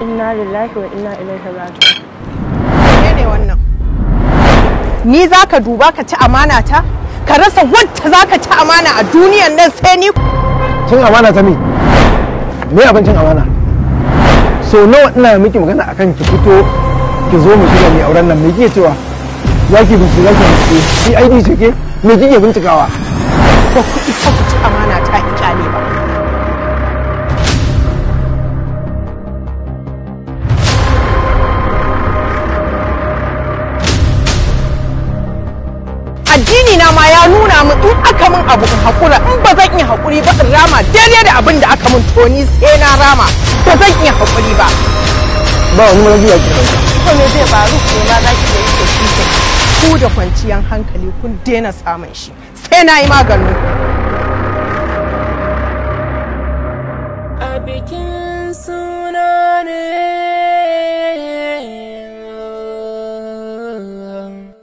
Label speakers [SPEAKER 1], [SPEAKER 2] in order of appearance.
[SPEAKER 1] inna lillahi wa inna ilaihi raji'un ne wannan
[SPEAKER 2] ni zaka duba ka ci amana ta ka rasa wadda zaka ci amana a duniyan nan sai ni
[SPEAKER 3] cin amana ta me me cin amana so nawa ina miki magana akan ki fito ki zo mu shiga mai auren nan me kike cewa za ki bincike za ki bincike shi aidi ce ke me kike bincikawa
[SPEAKER 4] ko kuɗi ci amana ta in
[SPEAKER 2] addini na ma ya nuna mu in
[SPEAKER 5] aka min abu in hakura in ba zan iya hakuri ba in rama daidai da abin da aka mun to ni sai na
[SPEAKER 1] rama ba zan iya hakuri ba
[SPEAKER 6] ba wani marabi ya kira
[SPEAKER 1] ko me zai faru ko ma za ki yi shi ku da kwanciyan hankali kun daina samun shi sai na yi maganin
[SPEAKER 4] a bikin sun